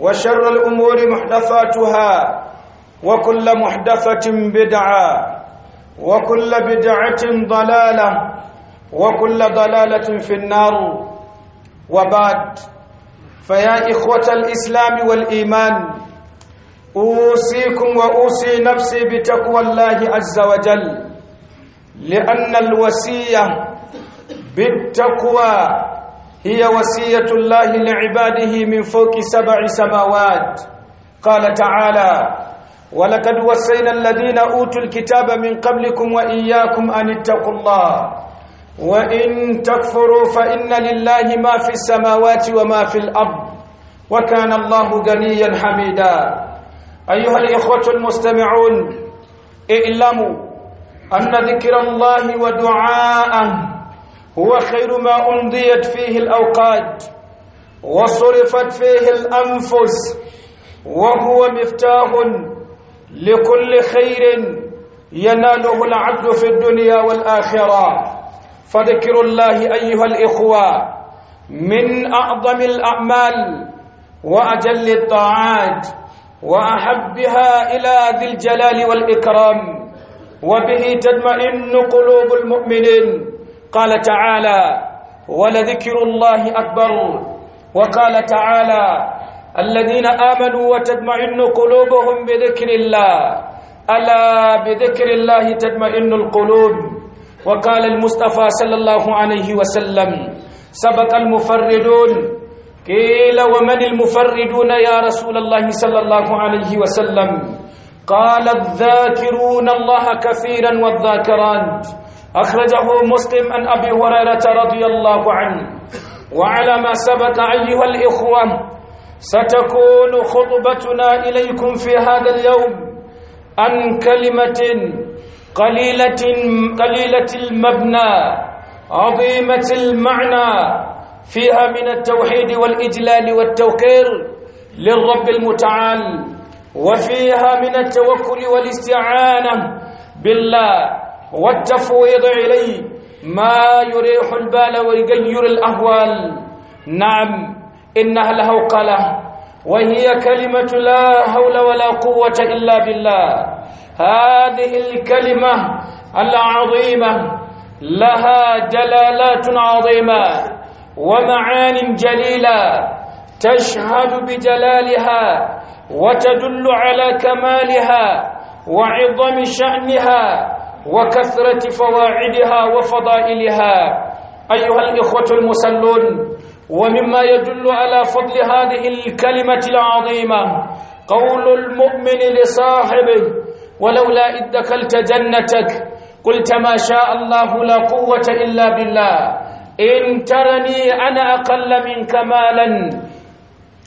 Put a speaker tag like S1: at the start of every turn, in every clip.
S1: وشر الأمور محدثاتها وكل محدثة بدعة وكل بدعة ضلالة وكل ضلالة في النار وبعد فيا إخوة الإسلام والإيمان أوصيكم وأوصي نفسي بتقوى الله عز وجل لأن الوسية بالتقوى هي وصية الله لعباده من فوق سبع سماوات قال تعالى ولقد وصينا الذين أوتوا الكتاب من قبلكم وإياكم أن اتقوا الله وإن تكفروا فإن لله ما في السماوات وما في الأرض وكان الله غنيا حميدا أيها الإخوة المستمعون اعلموا أن ذكر الله ودعاءه هو خير ما أمضيت فيه الأوقات وصرفت فيه الأنفس وهو مفتاح لكل خير يناله العبد في الدنيا والآخرة فذكر الله أيها الإخوة من أعظم الأعمال وأجل الطاعات وأحبها إلى ذي الجلال والإكرام وبه تطمئن قلوب المؤمنين قال تعالى ولذكر الله أكبر وقال تعالى الذين آمنوا وتطمئن قلوبهم بذكر الله ألا بذكر الله تطمئن القلوب وقال المصطفى صلى الله عليه وسلم سبق المفردون قيل ومن المفردون يا رسول الله صلى الله عليه وسلم قال الذاكرون الله كثيرا والذاكرات أخرجه مسلم عن أبي هريرة رضي الله عنه وعلى ما سبق أيها الإخوة ستكون خطبتنا إليكم في هذا اليوم عن كلمة قليلة قليلة المبنى عظيمة المعنى فيها من التوحيد والإجلال والتوقير للرب المتعال وفيها من التوكل والاستعانة بالله والتفويض إليه ما يريح البال ويغير الأهوال نعم إنها الهوقلة وهي كلمة لا حول ولا قوة إلا بالله هذه الكلمة العظيمة لها جلالات عظيمة ومعان جليلة تشهد بجلالها وتدل على كمالها وعظم شأنها وكثرة فواعدها وفضائلها أيها الإخوة المسلون ومما يدل على فضل هذه الكلمة العظيمة قول المؤمن لصاحبه ولولا إذ دخلت جنتك قلت ما شاء الله لا قوة إلا بالله إن ترني أنا أقل منك مالا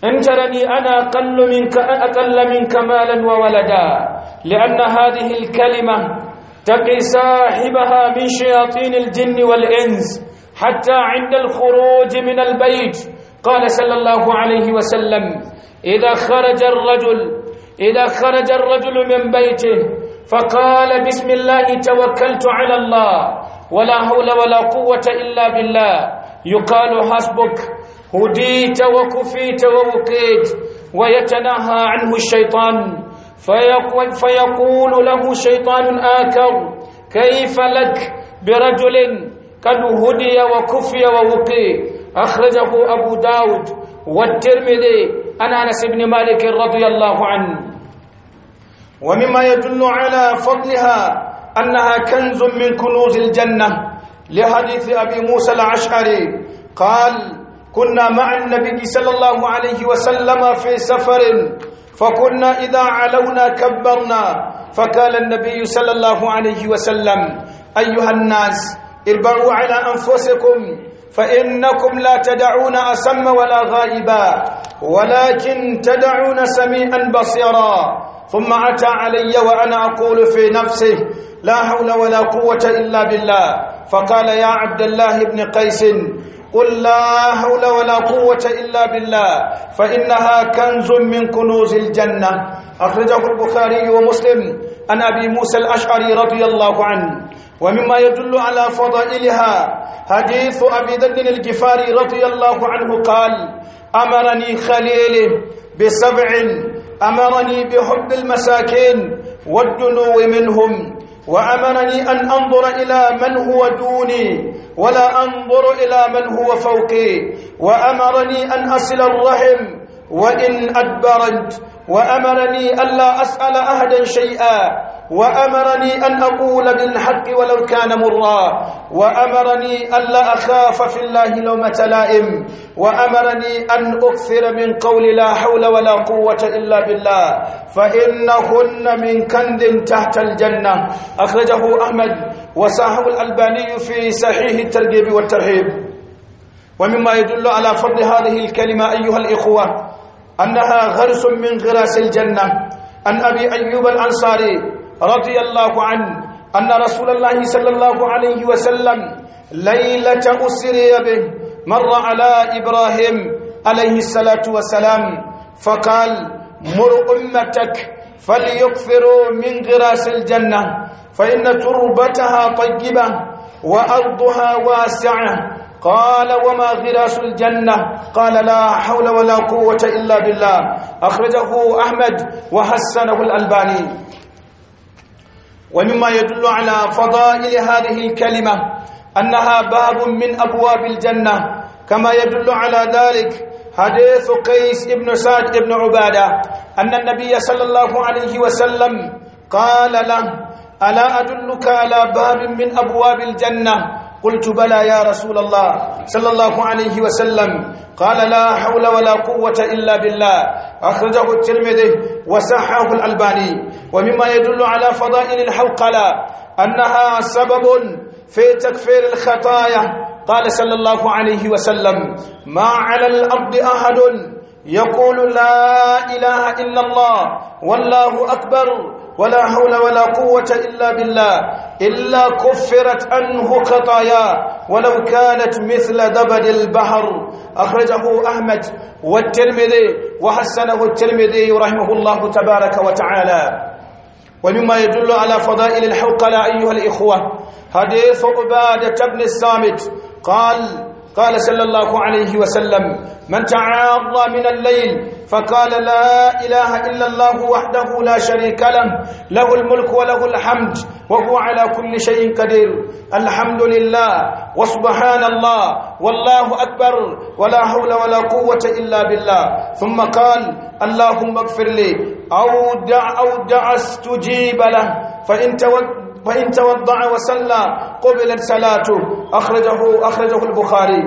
S1: إن ترني أنا أقل منك أقل منك مالا وولدا لأن هذه الكلمة تقي صاحبها من شياطين الجن والإنس حتى عند الخروج من البيت قال صلى الله عليه وسلم إذا خرج الرجل إذا خرج الرجل من بيته فقال بسم الله توكلت على الله ولا حول ولا قوة إلا بالله يقال حسبك هديت وكفيت ووقيت ويتناهى عنه الشيطان فيقول, فيقول له شيطان آكر كيف لك برجل قد هدي وكفي ووقي أخرجه أبو داود والترمذي عن أنس بن مالك رضي الله عنه ومما يدل على فضلها أنها كنز من كنوز الجنة لحديث أبي موسى العشعري قال كنا مع النبي صلى الله عليه وسلم في سفر فكنا إذا علونا كبرنا فقال النبي صلى الله عليه وسلم أيها الناس اربعوا على أنفسكم فإنكم لا تدعون أسم ولا غائبا ولكن تدعون سميعا بصيرا ثم أتى علي وأنا أقول في نفسه لا حول ولا قوة إلا بالله فقال يا عبد الله بن قيس قل لا حول ولا قوة إلا بالله فإنها كنز من كنوز الجنة أخرجه البخاري ومسلم عن أبي موسى الأشعري رضي الله عنه ومما يدل على فضائلها حديث أبي ذر الجفاري رضي الله عنه قال أمرني خليلي بسبع أمرني بحب المساكين والدنو منهم وأمرني أن أنظر إلى من هو دوني ولا أنظر إلى من هو فوقي وأمرني أن أصل الرحم وإن أدبرت وأمرني ألا أسأل أحدا شيئا وأمرني أن أقول بالحق ولو كان مرا وأمرني ألا أخاف في الله لومة لائم وأمرني أن أكثر من قول لا حول ولا قوة إلا بالله فإنهن من كند تحت الجنة أخرجه أحمد وصاحب الألباني في صحيح الترغيب والترهيب ومما يدل على فضل هذه الكلمة أيها الإخوة أنها غرس من غراس الجنة عن أبي أيوب الأنصاري رضي الله عنه أن رسول الله صلى الله عليه وسلم ليلة أسري به مر على إبراهيم عليه الصلاة والسلام فقال مر أمتك فليكفروا من غراس الجنة فإن تربتها طيبة وأرضها واسعة قال وما غراس الجنة قال لا حول ولا قوة إلا بالله أخرجه أحمد وحسنه الألباني ومما يدل على فضائل هذه الكلمة أنها باب من أبواب الجنة كما يدل على ذلك حديث قيس بن سعد بن عبادة أن النبي صلى الله عليه وسلم قال له ألا أدلك على باب من أبواب الجنة قلت بلى يا رسول الله صلى الله عليه وسلم قال لا حول ولا قوة إلا بالله أخرجه الترمذي وسحاه الألباني ومما يدل على فضائل الحوقلة أنها سبب في تكفير الخطايا قال صلى الله عليه وسلم ما على الأرض أحد يقول لا إله إلا الله والله أكبر ولا حول ولا قوة إلا بالله إلا كفرت عنه خطايا ولو كانت مثل دبد البحر أخرجه أحمد والترمذي وحسنه الترمذي رحمه الله تبارك وتعالى ومما يدل على فضائل لا أيها الإخوة حديث عبادة بن الصامت قال قال صلى الله عليه وسلم من تعاضى من الليل فقال لا إله إلا الله وحده لا شريك له له الملك وله الحمد وهو على كل شيء قدير الحمد لله وسبحان الله والله أكبر ولا حول ولا قوة إلا بالله ثم قال اللهم اغفر لي أو دع أو دع استجيب له فإن توجه وإن توضع وصلى قبلت صلاته أخرجه أخرجه البخاري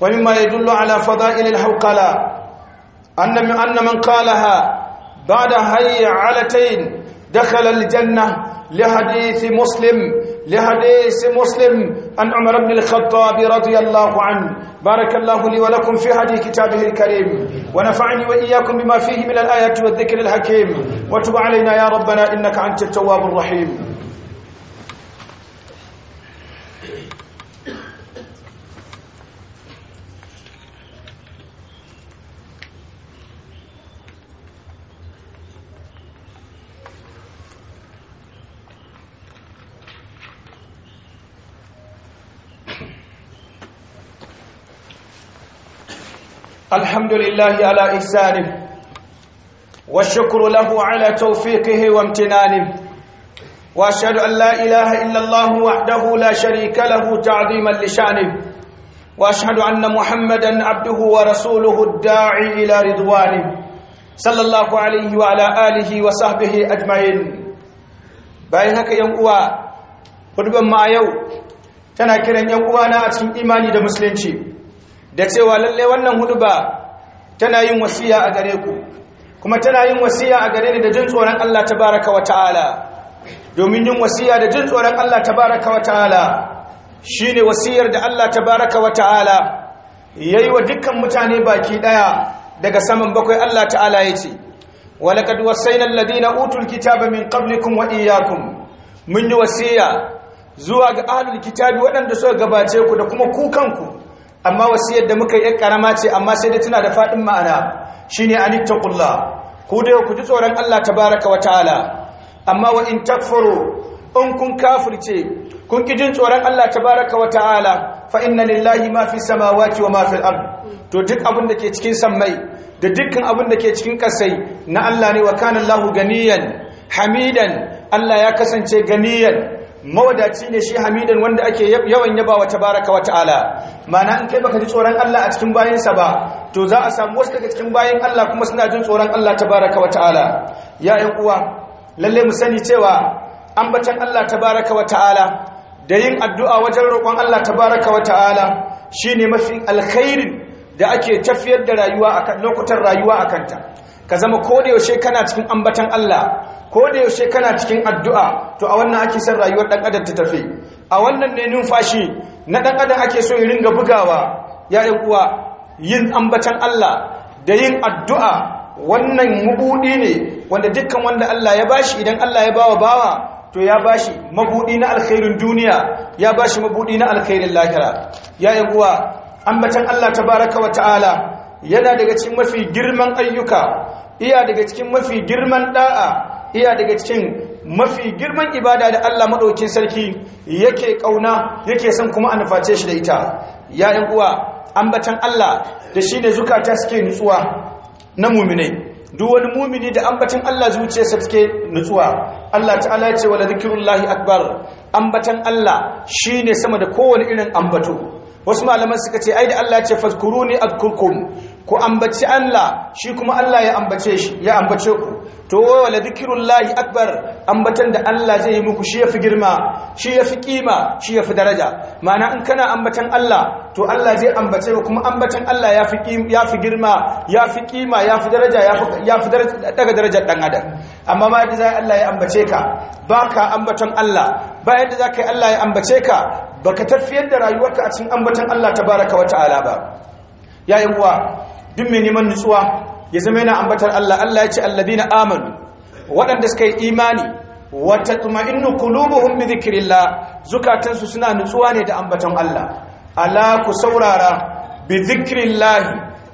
S1: ومما يدل على فضائل الحوقلاء أن أن من قالها بعد هي علتين دخل الجنة لحديث مسلم لحديث مسلم عن عمر بن الخطاب رضي الله عنه بارك الله لي ولكم في هدي كتابه الكريم ونفعني وإياكم بما فيه من الآيات والذكر الحكيم وتب علينا يا ربنا إنك أنت التواب الرحيم الحمد لله على إحسانه والشكر له على توفيقه وامتنانه واشهد ان لا اله الا الله وحده لا شريك له تعظيما لشانه واشهد ان محمدا عبده ورسوله الداعي الى رضوانه صلى الله عليه وعلى اله وصحبه اجمعين bayan haka yan uwa mu a yau tana kiran yan uwa na a cikin imani da musulunci da cewa lalle wannan huduba tana yin wasiya a gare ku kuma tana yin wasiya a gare ni da jin tsoron Allah tabaraka wa ta'ala domin yin wasiya da jin tsoron Allah tabaraka wa ta'ala ne wasiyar da Allah tabaraka wa ta'ala yi wa dukkan mutane baki daya daga saman bakwai Allah ta'ala yace na ladi na utul kitaba min qablikum wa iyyakum mun yi wasiya zuwa ga ahlul kitabi waɗanda suka gabace ku da kuma kukanku amma wasiyar da muka yi karama ce amma sai da tana da faɗin ma'ana shine anittaqullah ku da ku ji tsoron Allah tabaraka wa ta'ala amma wa in takfuru in kun kafirce kun ki jin tsoron Allah tabaraka wa ta'ala fa inna lillahi ma fi samawati wa ma fil ard to duk abin da ke cikin samai da dukkan abin da ke cikin kasai na Allah ne wa kana Allahu ganiyan hamidan Allah ya kasance ganiyan mawadaci ne shi hamidan wanda ake yawan yaba wa tabaraka wa ta'ala mana in kai baka ji tsoron Allah a cikin bayansa ba to za a samu wasu daga cikin bayan Allah kuma suna jin tsoron Allah tabaraka wa ta'ala ya uwa lalle mu sani cewa ambatan Allah tabaraka wa ta'ala da yin addu'a wajen roƙon Allah tabaraka wa ta'ala shine mafi alkhairin da ake tafiyar da rayuwa lokutan rayuwa a kanta ka zama kodayaushe yaushe kana cikin ambatan Allah koda yaushe kana cikin addu'a to a wannan ake son rayuwar ɗan adam ta tafi a wannan ne numfashi na ɗan adam ake so ya ringa bugawa ya uwa yin ambatan Allah da yin addu'a wannan mabuɗi ne wanda dukkan wanda Allah ya bashi idan Allah ya bawa bawa to ya bashi mabuɗi na alkhairin duniya ya bashi mabuɗi na alkhairin lahira ya yi uwa ambatan Allah tabaraka wa ta'ala yana daga cikin mafi girman ayyuka iya daga cikin mafi girman da'a iya daga cikin mafi girman ibada da Allah madaukin sarki yake kauna yake son kuma a nuface shi da ita ya yi uwa ambatan Allah da shi ne zukata suke nutsuwa na muminai duk wani mumini da ambatan Allah zuciyarsa take nutsuwa Allah ta'ala ya ce wala zikrullahi akbar ambatan Allah shine sama da kowane irin ambato wasu malaman suka ce ai da Allah ya ce fazkuruni adkurkum ku ambaci Allah shi kuma Allah ya ambace shi ya ambace ku to wala zikrullahi akbar ambatan da Allah zai yi muku shi yafi girma shi yafi kima shi yafi daraja Mana in kana ambatan Allah to Allah zai ambace ku kuma ambatan Allah yafi yafi girma yafi kima yafi daraja yafi fi daraja daga darajar dan adam amma ma yadda zai Allah ya ambace ka baka ambatan Allah ba yadda zaka yi Allah ya ambace ka baka tafiyar da rayuwarka a cikin ambatan Allah tabaraka wa ta'ala ba yayin uwa duk mai neman nutsuwa ya zama yana ambatar Allah Allah ya ce alladina amanu waɗanda suka yi imani wa tatma'innu qulubuhum bi dhikrillah zukatansu suna nutsuwa ne da ambaton Allah ala ku saurara bi dhikrillah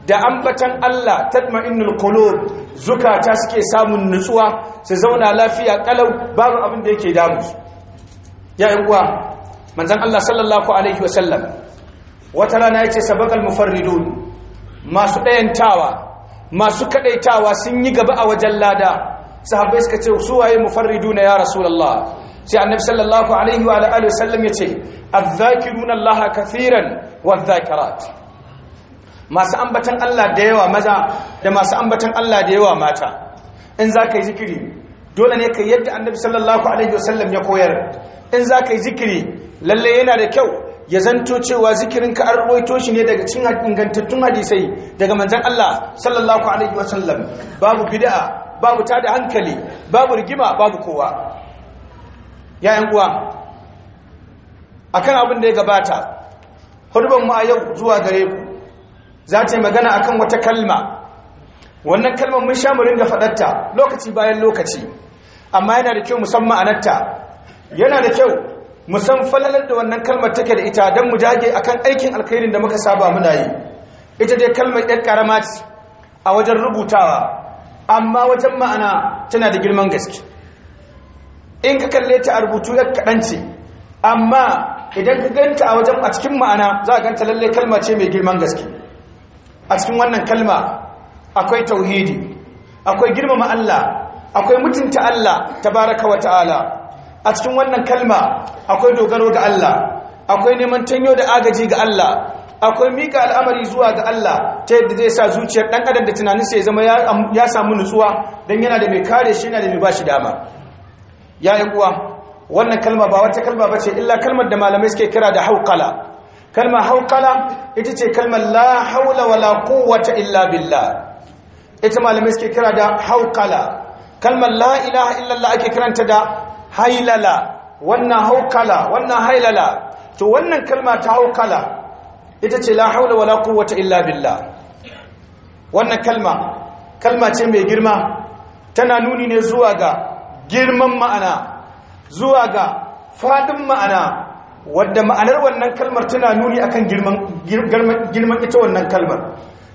S1: da ambatan Allah tatma'innul qulub zukata suke samun nutsuwa su zauna lafiya kalau babu abin da yake damu ya yan uwa manzon Allah sallallahu alaihi wasallam wata rana yace sabaqal mufarridun masu ɗayantawa masu kaɗaitawa sun yi gaba a wajen lada sahabbai suka ce su waye mufarriduna ya rasulullah sai annabi sallallahu alaihi wa alihi wasallam yace azzakiruna allaha kaseeran wa dhakarat masu ambatan Allah da yawa maza da masu ambatan Allah da yawa mata in zaka yi zikiri dole ne kai yadda annabi sallallahu alaihi wasallam ya koyar in zaka yi zikiri lalle yana da kyau ya zanto cewa zikirin ka an ruwaito shi ne daga cin ingantattun hadisai daga manzan Allah sallallahu alaihi wasallam babu bid'a babu tada hankali babu rigima babu kowa yayan uwa akan abin da ya gabata hudubar mu a yau zuwa gare ku za ta yi magana akan wata kalma wannan kalmar mun sha mu ringa faɗarta lokaci bayan lokaci amma yana da kyau musamman a yana da kyau mu san falalar da wannan kalmar take da ita don mu jage akan aikin alkhairin da muka saba muna yi ita dai kalmar ɗan ƙarama ce a wajen rubutawa amma wajen ma'ana tana da girman gaske in ka kalle ta a rubutu ya kaɗan ce amma idan ka ganta a wajen a cikin ma'ana za a ganta lalle kalma ce mai girman gaske a cikin wannan kalma akwai tauhidi akwai girmama Allah akwai mutunta Allah tabaraka wa ta'ala a cikin wannan kalma akwai dogaro ga Allah akwai neman tanyo da agaji ga Allah akwai mika al'amari zuwa ga Allah ta yadda zai sa zuciyar dan adam da tunanin sai zama ya samu nutsuwa dan yana da mai kare shi yana da mai bashi dama ya yi kuwa wannan kalma ba wata kalma bace illa kalmar da malamai suke kira da hauqala kalma hauqala ita ce kalmar la haula wala quwwata illa billah ita malamai suke kira da hauqala kalmar la ilaha Allah ake kiranta da hailala wannan haukala wannan hailala to wannan kalma ta haukala ita ce la haula wala quwwata illa billah wannan kalma kalma ce mai girma tana nuni ne zuwa ga girman ma'ana zuwa ga fadin ma'ana wadda ma'anar wannan kalmar tana nuni akan girman girman ita wannan kalmar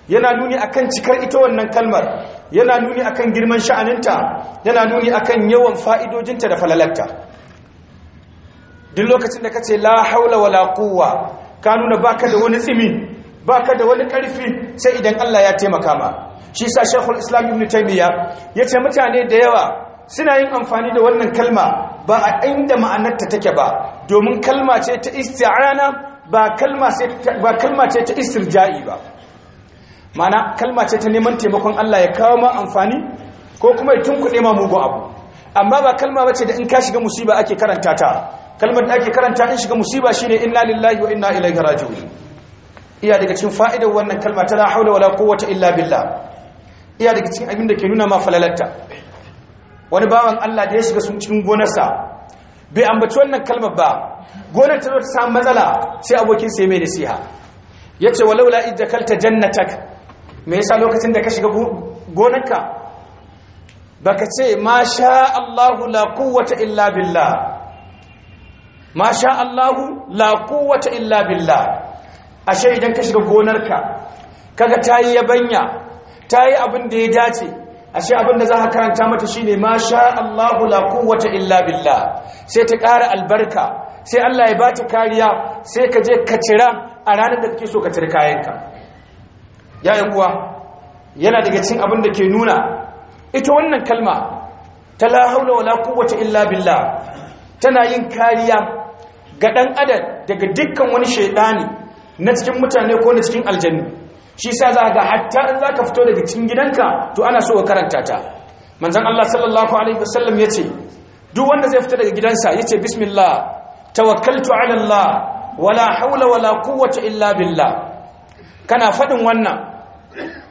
S1: yana nuni akan cikar ita wannan kalmar yana nuni kan girman sha'aninta yana nuni akan yawan fa'idojinta da falalarta duk lokacin da ka ce, la haula wala quwwa ka nuna baka da wani tsimi baka da wani karfi sai idan Allah ya taimaka ma shi sa Sheikhul Islam Ibn ya yace mutane da yawa suna yin amfani da wannan kalma ba a inda ma'anarta take ba domin kalma ce ta isti'ana ba kalma ce ta istirja'i ba mana kalma ce ta neman taimakon Allah ya kawo ma amfani ko kuma ya tunkuɗe ma mugu abu amma ba kalma ce da in ka shiga musiba ake karanta ta kalmar da ake karanta in shiga musiba ne inna lillahi wa inna ilai garaju iya daga cikin fa'idar wannan kalma ta hau wa wala wata illa billa iya daga cikin abin da ke nuna ma falalatta wani bawan Allah da ya shiga sun cikin gonarsa bai ambaci wannan kalmar ba gonar ta zo ta samu matsala sai abokin sai mai nasiha ya yace walaula idza kalta jannatak me yasa lokacin da ka shiga gonarka baka ce masha Allahu la kuwata illa billah masha Allahu la kuwata illa billah ashe idan ka shiga gonarka kaga ta tayi yabanya tayi abin da ya dace ashe abin da za ka karanta mata shine masha Allahu la kuwata illa billah sai ta ƙara albarka sai Allah ya bata kariya sai ka je ka cira a ranar da kake so ka cire kayanka yayin kuwa yana daga cikin abin da ke nuna ita wannan kalma ta la haula wala quwwata illa billah tana yin kariya ga ɗan adam daga dukkan wani shaidani na cikin mutane ko na cikin aljannu shi sa za ga hatta in zaka fito daga cikin gidanka to ana so ka karanta ta manzon Allah sallallahu alaihi wasallam yace duk wanda zai fita daga gidansa yace bismillah tawakkaltu ala Allah wala haula wala quwwata illa billah kana faɗin wannan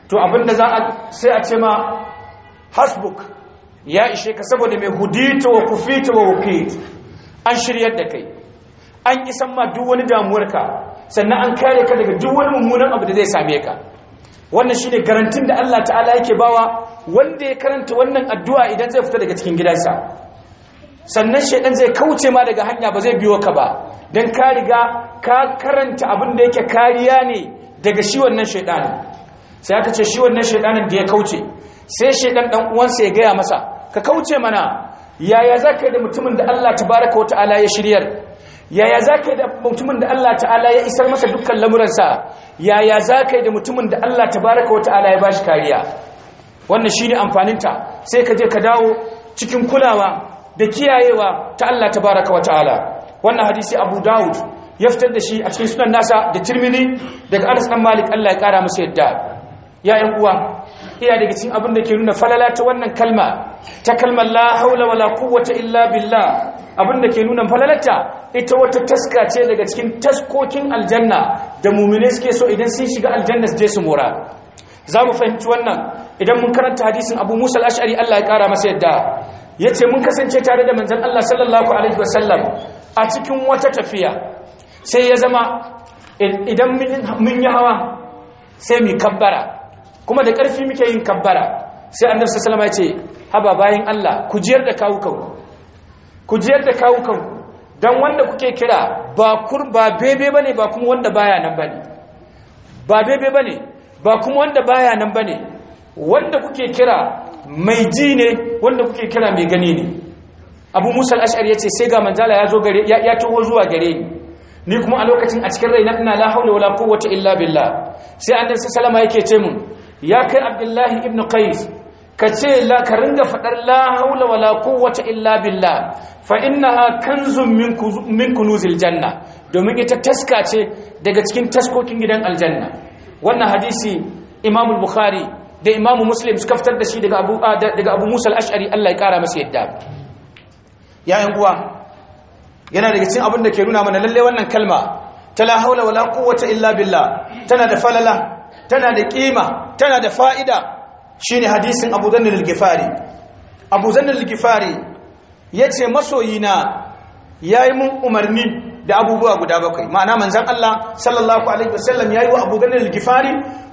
S1: to abinda za a sai a ce ma hasbuk ya ishe ka saboda mai hudita wa kufita wa wukit an shiryar da kai an isan ma duk wani damuwarka sannan an kare ka daga duk wani mummunan abu da zai same ka wannan shine garantin da Allah ta'ala yake bawa wanda ya karanta wannan addu'a idan zai fita daga cikin gidansa sannan shaidan zai kauce ma daga hanya ba zai biyo ka ba don ka riga ka karanta abin da yake kariya ne daga shi wannan shaidanin sai aka ce shi wannan shaidanin da ya kauce sai shaidan dan uwansa ya gaya masa ka kauce mana yaya zaka da mutumin da Allah tabaraka ta'ala ya shiryar yaya zaka da mutumin da Allah ta'ala ya isar masa dukkan lamuransa yaya zaka da mutumin da Allah tabaraka ta'ala ya bashi kariya wannan shine amfaninta sai ka je ka dawo cikin kulawa da kiyayewa ta Allah tabaraka ta'ala wannan hadisi Abu Dawud ya fitar da shi a cikin sunan nasa da tirmini daga anas dan malik Allah ya kara masa yadda ya yan uwa iya daga cikin abin da ke nuna falala ta wannan kalma ta kalmar la haula wala quwwata illa billa abin da ke nuna falalata ita wata taska ce daga cikin taskokin aljanna da mumine suke so idan sun shiga aljanna su je su mora za mu fahimci wannan idan mun karanta hadisin abu musa al-ash'ari Allah ya kara masa yadda yace mun kasance tare da manzon Allah sallallahu alaihi wasallam a cikin wata tafiya sai ya zama idan mun yi hawa sai mu kabbara kuma da ƙarfi muke yin kabbara sai annabi darsa salama ce haba bayan Allah ku jiyar da kawukanku ku jiyar da kawukanku don wanda kuke kira ba bebe ba ne ba kuma wanda baya nan ba ne, ba bebe ba ne ba kuma wanda baya nan ba ne, wanda kuke kira mai ji ne wanda kuke kira mai gani ne abu musa al ya ce, sai ga manzala ya zo gare ya taho zuwa gare ni ni kuma a lokacin a cikin raina ina la haula wala quwwata illa billah sai annabi sallama yake ce mun ya kai abdullahi ibn qais ka ce la ka ringa fadar la haula wala quwwata illa billah fa innaha kanzun min kunuzil janna domin ita taska ce daga cikin taskokin gidan aljanna wannan hadisi imamu bukhari da imamu muslim suka fitar da shi daga abu daga abu musa al-ash'ari Allah ya kara masa yadda ya'yan uwa yana daga cin abin da ke nuna mana lalle wannan kalma ta la haula wala quwwata illa billah tana da falala tana da kima tana da fa'ida shine hadisin Abu Dhann al-Ghifari Abu Dhann al-Ghifari yace masoyina yayi mun umarni da abubuwa guda bakwai ma'ana manzon Allah sallallahu alaihi wasallam yayi wa Abu Dhann al-Ghifari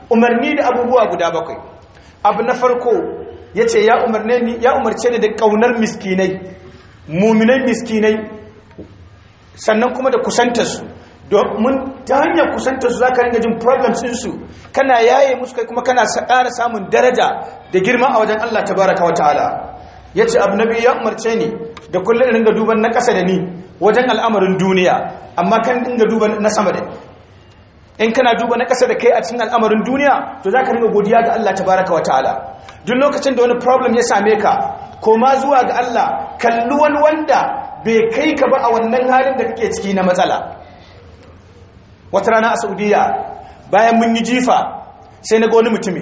S1: umarni da abubuwa guda bakwai abu na farko yace ya umarne ni ya umarce ni da kaunar miskinai mu'minai miskinai sannan kuma da kusantarsu domin ta hanyar kusantarsu za ka ringa jin problems su kana yaye musu kai kuma kana ƙara samun daraja da girma a wajen Allah ta baraka wata'ala ya ce abu nabi ya umarce ni da kullum ringa duban na ƙasa da ni wajen al'amarin duniya amma kan ringa duban na sama da ni. in kana duba na ƙasa da kai a cikin al'amarin duniya to za ka nuna godiya ga Allah ta baraka wa ta'ala duk lokacin da wani problem ya same ka koma zuwa ga Allah kalli wani wanda bai kai ka ba a wannan halin da kake ciki na matsala wata rana a saudiya bayan mun yi jifa sai na ga wani mutumi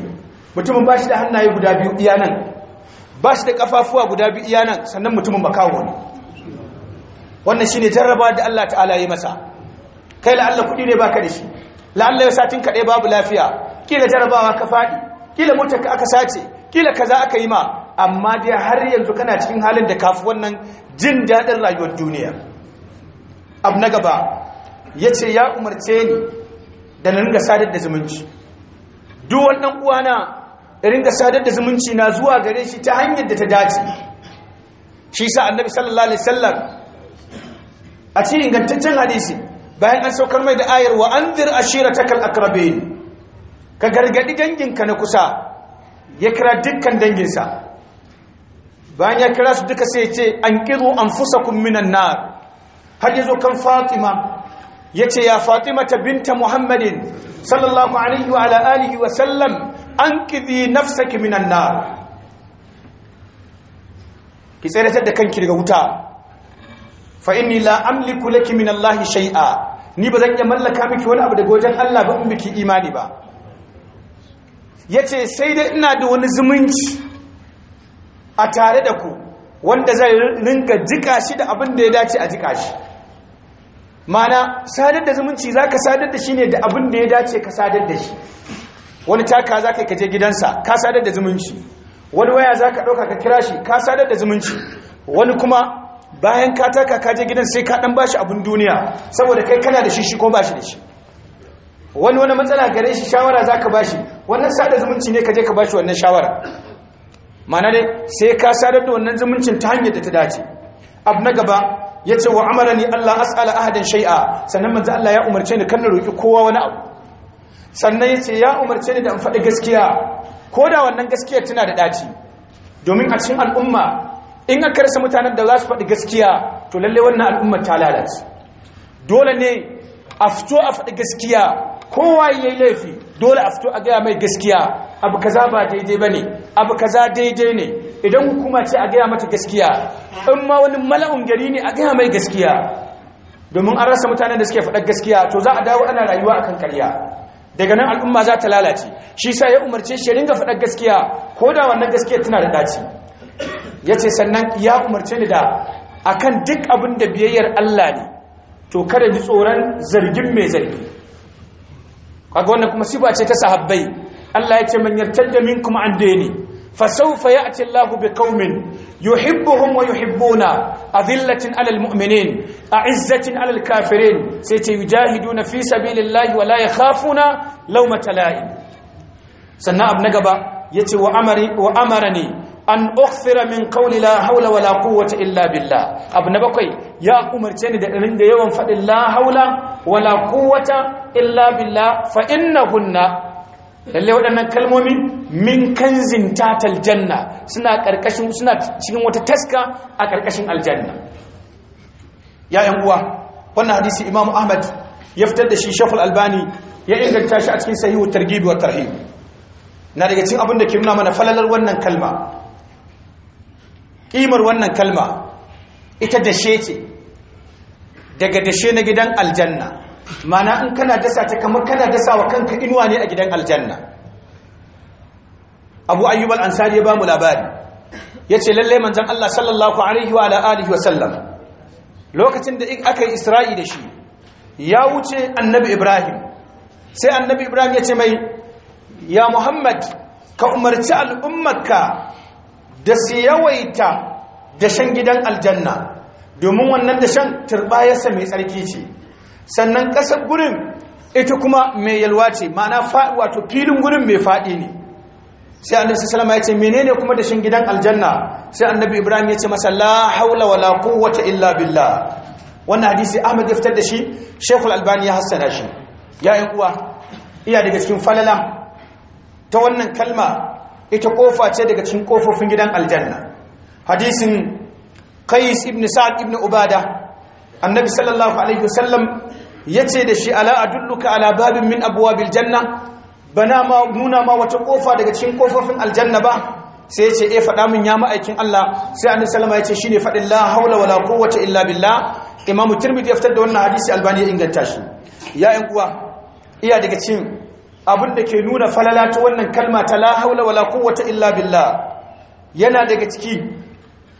S1: mutumin ba shi da hannaye guda biyu iya nan ba shi da kafafuwa guda biyu iya nan sannan mutumin makawo ne wannan shi ne jarraba da Allah ta'ala ya yi masa kai la Allah kudi ne baka da shi la'alla satin kaɗai babu lafiya kila jarabawa ka faɗi kila mota ka aka sace kila kaza aka yi ma amma dai har yanzu kana cikin halin da kafi wannan jin daɗin rayuwar duniya abu na gaba ya ce ya umarce ni da na ringa sadar da zumunci duk wannan uwana ringa sadar da zumunci na zuwa gare shi ta hanyar da ta dace shi sa annabi sallallahu alaihi wasallam a cikin ingantaccen hadisi bayan an saukar mai da ayar wa ashira takal akrabe. ka gargadi danginka na kusa ya kira dukkan danginsa bayan ya kira su duka sai ya ce an kiru an fusa kumminan na har yazo kan fatima ya ce ya fatima ta binta muhammadin sallallahu alaihi wa alihi wa sallam an kizi nafsaki minan na ki tsere da kanki daga wuta fa inni la amliku laki min allahi shay'a ni ba zan iya mallaka miki wani abu daga wajen Allah ba in biki imani ba yace sai dai ina da wani zumunci a tare da ku wanda zai rinka jika shi da abin da ya dace a jika shi mana sadar da zumunci zaka sadar da shi ne da abin da ya dace ka sadar da shi wani taka zaka kaje gidansa ka sadar da zumunci wani waya zaka dauka ka kira shi ka sadar da zumunci wani kuma bayan ka taka ka je gidan sai ka dan bashi abun duniya saboda kai kana da shi shi ko bashi da shi wani wani matsala gare shi shawara ka bashi wannan sada zumunci ne ka je ka bashi wannan shawara mana dai sai ka sadar da wannan zumuncin ta hanyar da ta dace abu na gaba ya ce wa amarani Allah as'ala ahadan shai'a sannan manzo Allah ya umarce ni kan na kowa wani abu sannan ya ce ya umarce ni da in faɗi gaskiya ko da wannan gaskiya tana da ɗaci domin a cikin al'umma in aka rasa mutanen da za su faɗi gaskiya to lalle wannan al'ummar ta lalace dole ne a fito a faɗi gaskiya kowa ya yi laifi dole a fito a gaya mai gaskiya abu kaza ba daidai ba ne abu kaza daidai ne idan hukuma ce a gaya mata gaskiya in ma wani mala'un gari ne a gaya mai gaskiya domin an rasa mutanen da suke faɗa gaskiya to za a dawo ana rayuwa akan karya daga nan al'umma za ta lalace shi sa ya umarce shi ringa faɗa gaskiya ko da wannan gaskiya tana da ɗaci ya ce sannan ya umarce ni da akan duk abin da biyayyar Allah ne to kada ji tsoron zargin mai zargi kaga wannan kuma siba ce ta sahabbai Allah ya ce man yartajja kuma an dini fa sawfa ya'ti Allahu bi qaumin yuhibbuhum a yuhibbuna alal 'ala a a'izzatin alal kafirin, sai ce yujahiduna fi sabilillahi wa la yakhafuna lawmata la'in sannan abna gaba yace wa amari wa amarani an ukhsira min qawli la hawla wala quwwata illa billah abu na bakwai ya umarce ni da da yawan fadin la hawla wala quwwata illa billah fa innahunna lalle waɗannan kalmomi min kanzin tatal janna suna karkashin suna cikin wata taska a karkashin aljanna ya uwa wannan hadisi imam ahmad ya fitar da shi shaful albani ya inganta shi a cikin sahihu targhib wa tarhib na daga cikin abin da ke nuna mana falalar wannan kalma ƙimar wannan kalma ita dashe ce daga dashe na gidan aljanna mana in kana dasa ta kamar kana dasa wa kanka inuwa ne a gidan aljanna abu ayyub ansari ya ba mu labari ya ce lallai manzan allah sallallahu alaihi wa alaihi wa lokacin da aka yi isra'i da shi ya wuce annabi ibrahim sai annabi ibrahim ya ce mai ya muhammad ka umarci al'ummarka da su yawaita dashen gidan aljanna domin wannan dashen turbayarsa mai tsarki ce sannan ƙasar gurin ita kuma mai yalwa ce ma'ana wato filin gurin mai faɗi ne sai annabi sallama ya ce menene kuma dashen gidan aljanna sai annabi ibrahim ya ce masa la haula wala quwwata illa billah wannan hadisi ahmad ya fitar da shi shaykhul albani ya hassana shi ya uwa iya daga cikin falala ta wannan kalma ita kofa ce daga cikin kofofin gidan aljanna hadisin qais ibn sa'ad ibn ubada annabi sallallahu alaihi wasallam yace da shi ala adulluka ala babin min abwabil janna bana ma nuna ma wata kofa daga cikin kofofin aljanna ba sai ya ce eh, faɗa min ya ma'aikin Allah sai annabi sallama ya shine faɗin la haula wala quwwata illa billah imamu tirmidhi ya fitar da wannan hadisi albani ya inganta shi ya yan uwa iya daga cikin abin da ke nuna falala ta wannan kalma ta la haula wala quwwata illa billah yana daga ciki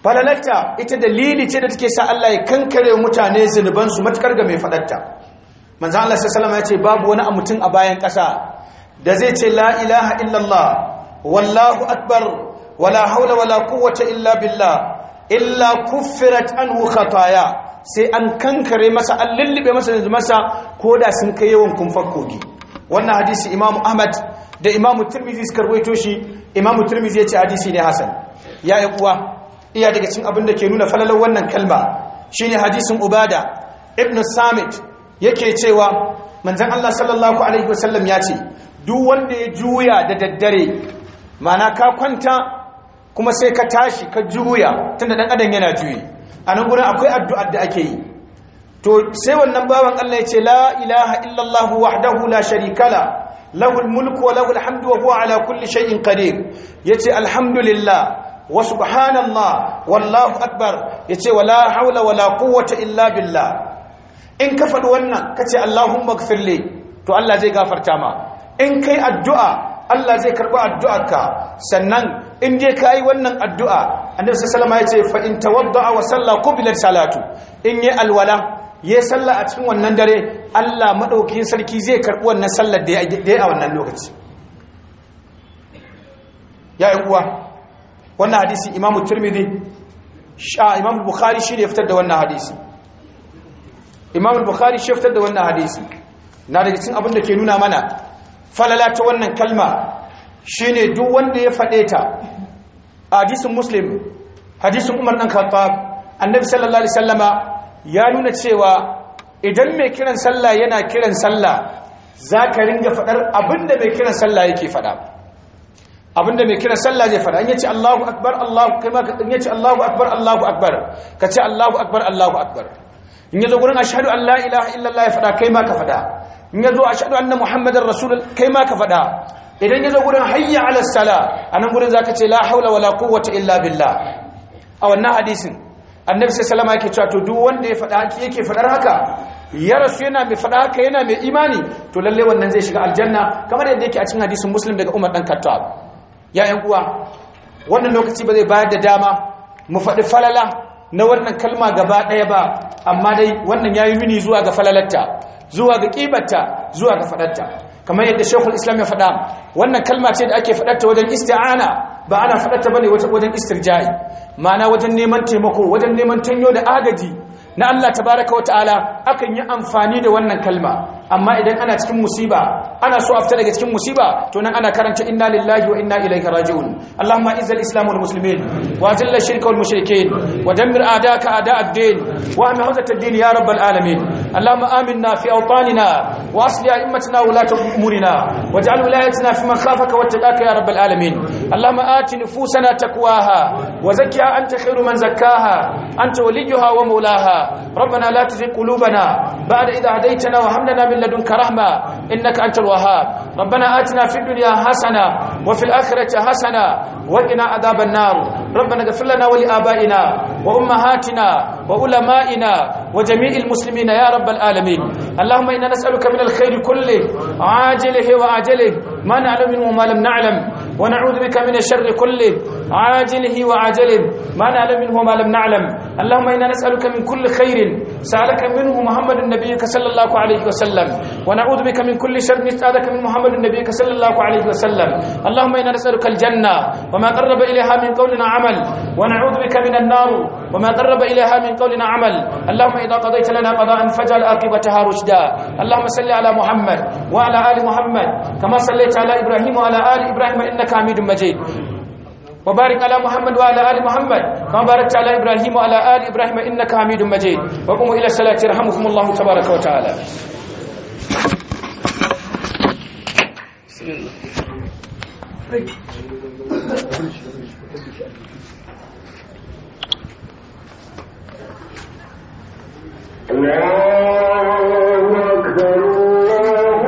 S1: falalarta ita dalili ce da take sa Allah ya kankare mutane zunuban su matakar ga mai fadarta manzo Allah sallallahu alaihi ya ce babu wani mutum a bayan ƙasa da zai ce la ilaha illallah wallahu akbar wala haula wala quwwata illa billah illa kuffirat anhu hukafaya sai an kankare masa an lullube masa zunubansa koda sun kai yawan kumfar kogi wannan hadisi imamu ahmad da imamu tirmizi suka rawaito shi imamu tirmizi ya ce hadisi ne hasan ya yi kuwa iya daga cikin abin da ke nuna falalar wannan kalma shine hadisin ubada ibn samit yake cewa manzan Allah sallallahu alaihi wasallam ya ce duk wanda ya juya da daddare mana ka kwanta kuma sai ka tashi ka juya tunda dan adam yana juyi a nan gurin akwai addu'ar da ake yi to sai wannan bawan Allah ya ce la ilaha illallah wahdahu la sharika la lahul mulku wa lahul hamdu wa huwa ala kulli shay'in qadir yace alhamdulillah wa subhanallah wallahu akbar yace wala hawla wala quwwata illa billah in ka faɗi wannan kace allahumma ighfirli to Allah zai gafarta ma in kai addu'a Allah zai karba addu'arka sannan in je kai wannan addu'a annabi sallallahu alaihi wasallam yace fa in tawadda wa salla qubilat salatu in yi alwala ya sallah a cikin wannan dare Allah maɗaukakin sarki zai karɓi wannan sallar da ya a wannan lokaci ya yi uwa wannan hadisi imamu turmidi imamu bukhari shi ne fitar da wannan hadisi imamu bukhari shi fitar da wannan hadisi na daga cikin abin da ke nuna mana falala ta wannan kalma shi ne duk wanda ya faɗe ta a hadisin muslim hadisin umar ɗan kafa annabi sallallahu alaihi sallama ya nuna cewa idan mai kiran sallah yana kiran sallah za ka ringa faɗar abinda mai kiran sallah yake faɗa abinda mai kiran sallah zai faɗa in yace Allahu akbar Allahu kama in yace Allahu akbar Allahu akbar ka ce Allahu akbar Allahu akbar in yazo gurin ashhadu an la ilaha illallah ya faɗa kai ma ka faɗa in yazo ashhadu anna muhammadar rasul kai ma ka faɗa idan yazo gurin hayya ala sala anan gurin zaka ce la haula wala quwwata illa billah a wannan hadisin annabi sai salama yake cewa to duk wanda ya fada haka yake faɗar haka ya rasu yana mai faɗa haka yana mai imani to lalle wannan zai shiga aljanna kamar yadda yake a cikin hadisin muslim daga umar dan kattab ya yan uwa wannan lokaci ba zai bayar da dama mu faɗi falala na wannan kalma gaba ɗaya ba amma dai wannan yayi mini zuwa ga falalarta zuwa ga kibarta zuwa ga faɗarta kamar yadda shekul islam ya faɗa wannan kalma ce da ake faɗarta wajen isti'ana ba ana faɗarta ne wajen istirja'i ma'ana wajen neman taimako wajen neman tanyo da agaji na Allah tabaraka wa ta'ala akan yi amfani da wannan kalma amma idan ana cikin musiba ana so a fita daga cikin musiba to nan ana karanta inna lillahi wa inna ilaihi raji'un allahumma izzil islam wal muslimin wa zilla shirka wal mushrikeen wa dammir a'daaka a'daa ad-din wa ahmi ad-din ya rabbal alamin allahumma aminna fi awtanina wa asli a'immatina wa la umurina waj'al wilayatina fi man khafaka wattaqaka ya rabbal alamin allahumma ati nufusana taqwaha wa zakkiha anta khairu man zakkaha anta waliyuha wa mawlaha ربنا لا a قلوبنا بعد إذ هديتنا وهب لنا min. لدنك رحمة إنك أنت الوهاب ربنا آتنا في الدنيا حسنة وفي الآخرة حسنة وقنا عذاب النار ربنا اغفر لنا ولآبائنا وأمهاتنا وعلمائنا وجميع المسلمين يا رب العالمين اللهم إنا نسألك من الخير كله عاجله وآجله ما نعلم منه وما لم نعلم ونعوذ بك من الشر كله عاجله وعجله ما نعلم منه وما لم نعلم اللهم إنا نسألك من كل خير سألك منه محمد نبيك صلى الله عليه وسلم ونعوذ بك من كل شر نستعاذك من محمد نبيك صلى الله عليه وسلم اللهم إنا نسألك الجنة وما قرب إليها من قول عمل ونعوذ بك من النار وما قرب إليها من قول عمل اللهم إذا قضيت لنا قضاء فجعل عاقبتها رشدا اللهم صل على محمد وعلى آل محمد كما صليت على إبراهيم وعلى آل إبراهيم إنك حميد مجيد وبارك على محمد وعلى ال محمد كما باركت على ابراهيم وعلى ال ابراهيم انك حميد مجيد وقوموا الى الصلاه يرحمكم الله تبارك وتعالى بسم الله